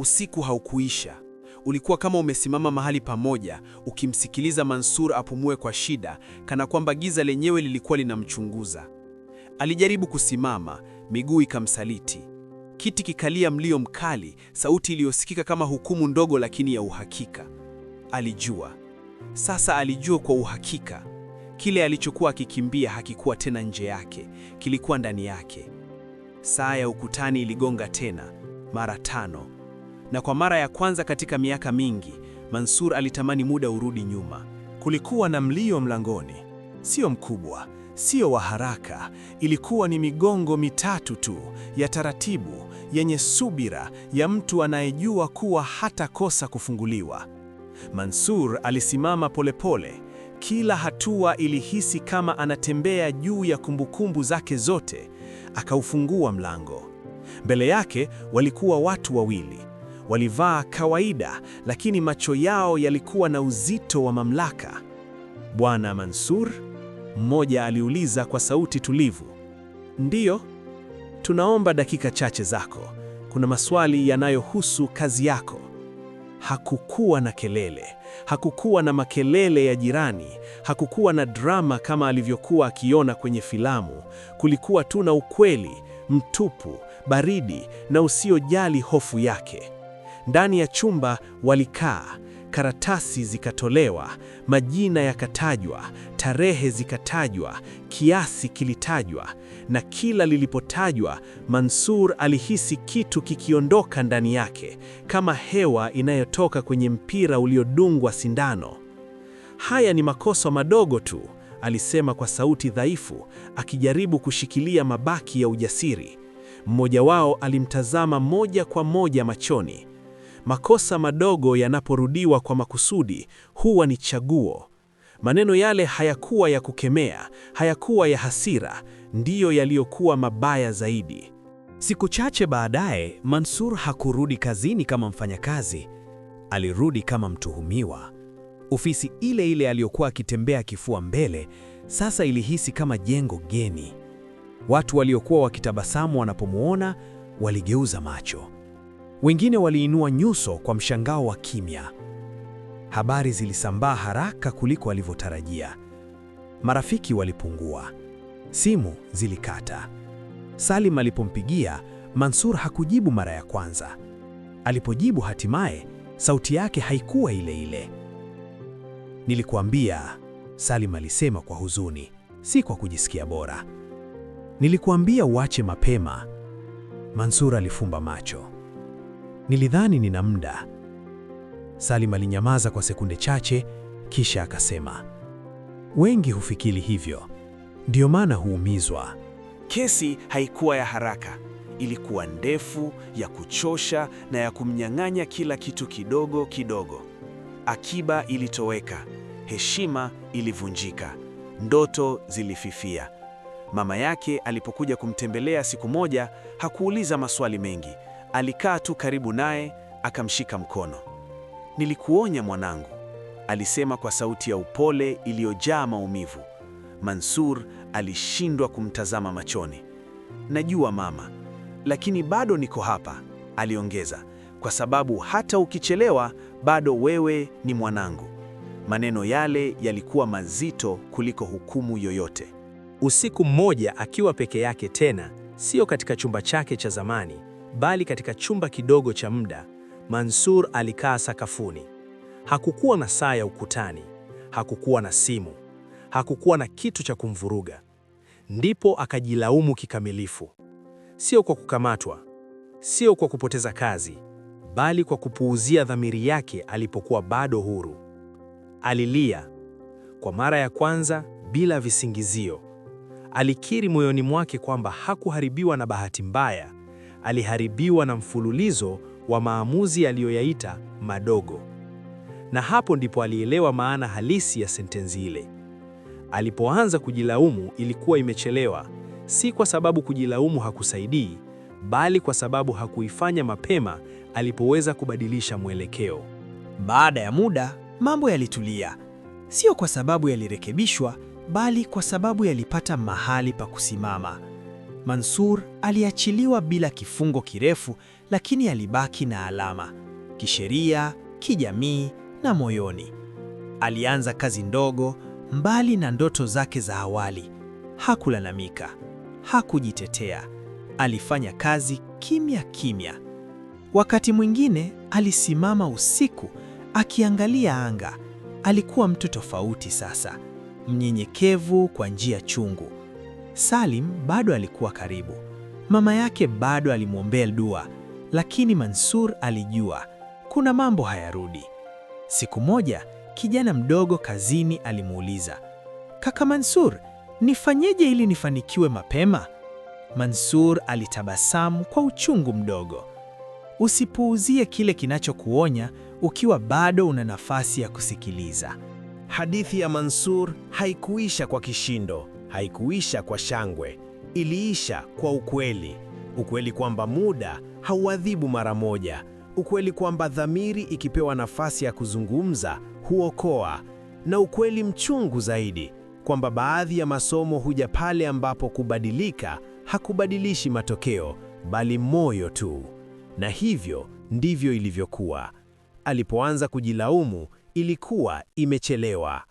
Usiku haukuisha. Ulikuwa kama umesimama mahali pamoja, ukimsikiliza Mansur apumue kwa shida, kana kwamba giza lenyewe lilikuwa linamchunguza. Alijaribu kusimama, miguu ikamsaliti. Kiti kikalia mlio mkali, sauti iliyosikika kama hukumu ndogo lakini ya uhakika. Alijua. Sasa alijua kwa uhakika. Kile alichokuwa akikimbia hakikuwa tena nje yake, kilikuwa ndani yake. Saa ya ukutani iligonga tena, mara tano na kwa mara ya kwanza katika miaka mingi, Mansur alitamani muda urudi nyuma. Kulikuwa na mlio mlangoni, sio mkubwa, sio wa haraka. Ilikuwa ni migongo mitatu tu ya taratibu, yenye subira, ya mtu anayejua kuwa hatakosa kufunguliwa. Mansur alisimama polepole pole. Kila hatua ilihisi kama anatembea juu ya kumbukumbu zake zote. Akaufungua mlango. Mbele yake walikuwa watu wawili, Walivaa kawaida, lakini macho yao yalikuwa na uzito wa mamlaka. Bwana Mansur? Mmoja aliuliza kwa sauti tulivu. Ndiyo, tunaomba dakika chache zako. Kuna maswali yanayohusu kazi yako. Hakukuwa na kelele, hakukuwa na makelele ya jirani, hakukuwa na drama kama alivyokuwa akiona kwenye filamu. Kulikuwa tu na ukweli mtupu, baridi na usiojali hofu yake. Ndani ya chumba walikaa, karatasi zikatolewa, majina yakatajwa, tarehe zikatajwa, kiasi kilitajwa, na kila lilipotajwa, Mansur alihisi kitu kikiondoka ndani yake, kama hewa inayotoka kwenye mpira uliodungwa sindano. Haya ni makosa madogo tu, alisema kwa sauti dhaifu, akijaribu kushikilia mabaki ya ujasiri. Mmoja wao alimtazama moja kwa moja machoni. Makosa madogo yanaporudiwa kwa makusudi huwa ni chaguo. Maneno yale hayakuwa ya kukemea, hayakuwa ya hasira, ndiyo yaliyokuwa mabaya zaidi. Siku chache baadaye, Mansur hakurudi kazini kama mfanyakazi, alirudi kama mtuhumiwa. Ofisi ile ile aliyokuwa akitembea kifua mbele sasa ilihisi kama jengo geni. Watu waliokuwa wakitabasamu wanapomwona waligeuza macho. Wengine waliinua nyuso kwa mshangao wa kimya. Habari zilisambaa haraka kuliko walivyotarajia. Marafiki walipungua, simu zilikata. Salim alipompigia Mansur hakujibu mara ya kwanza. Alipojibu hatimaye, sauti yake haikuwa ile ile. Nilikuambia, Salim alisema kwa huzuni, si kwa kujisikia bora. Nilikuambia uache mapema. Mansur alifumba macho. Nilidhani nina muda. Salim alinyamaza kwa sekunde chache kisha akasema, wengi hufikiri hivyo, ndiyo maana huumizwa. Kesi haikuwa ya haraka, ilikuwa ndefu, ya kuchosha na ya kumnyang'anya kila kitu kidogo kidogo. Akiba ilitoweka, heshima ilivunjika, ndoto zilififia. Mama yake alipokuja kumtembelea siku moja, hakuuliza maswali mengi. Alikaa tu karibu naye, akamshika mkono. Nilikuonya mwanangu, alisema kwa sauti ya upole iliyojaa maumivu. Mansur alishindwa kumtazama machoni. Najua mama, lakini bado niko hapa, aliongeza, kwa sababu hata ukichelewa bado wewe ni mwanangu. Maneno yale yalikuwa mazito kuliko hukumu yoyote. Usiku mmoja akiwa peke yake tena, sio katika chumba chake cha zamani, bali katika chumba kidogo cha muda, Mansur alikaa sakafuni. Hakukuwa na saa ya ukutani, hakukuwa na simu, hakukuwa na kitu cha kumvuruga. Ndipo akajilaumu kikamilifu, sio kwa kukamatwa, sio kwa kupoteza kazi, bali kwa kupuuzia dhamiri yake alipokuwa bado huru. Alilia kwa mara ya kwanza bila visingizio. Alikiri moyoni mwake kwamba hakuharibiwa na bahati mbaya, aliharibiwa na mfululizo wa maamuzi aliyoyaita madogo. Na hapo ndipo alielewa maana halisi ya sentensi ile. Alipoanza kujilaumu, ilikuwa imechelewa, si kwa sababu kujilaumu hakusaidii, bali kwa sababu hakuifanya mapema alipoweza kubadilisha mwelekeo. Baada ya muda, mambo yalitulia, sio kwa sababu yalirekebishwa, bali kwa sababu yalipata mahali pa kusimama. Mansur aliachiliwa bila kifungo kirefu, lakini alibaki na alama kisheria, kijamii na moyoni. Alianza kazi ndogo mbali na ndoto zake za awali. Hakulalamika, hakujitetea. Alifanya kazi kimya kimya. Wakati mwingine alisimama usiku akiangalia anga. Alikuwa mtu tofauti sasa, mnyenyekevu kwa njia chungu. Salim bado alikuwa karibu. Mama yake bado alimwombea dua, lakini Mansur alijua kuna mambo hayarudi. Siku moja kijana mdogo kazini alimuuliza, kaka Mansur, nifanyeje ili nifanikiwe mapema? Mansur alitabasamu kwa uchungu mdogo. Usipuuzie kile kinachokuonya ukiwa bado una nafasi ya kusikiliza. Hadithi ya Mansur haikuisha kwa kishindo haikuisha kwa shangwe, iliisha kwa ukweli. Ukweli kwamba muda hauadhibu mara moja, ukweli kwamba dhamiri ikipewa nafasi ya kuzungumza huokoa, na ukweli mchungu zaidi kwamba baadhi ya masomo huja pale ambapo kubadilika hakubadilishi matokeo bali moyo tu. Na hivyo ndivyo ilivyokuwa. Alipoanza kujilaumu, ilikuwa imechelewa.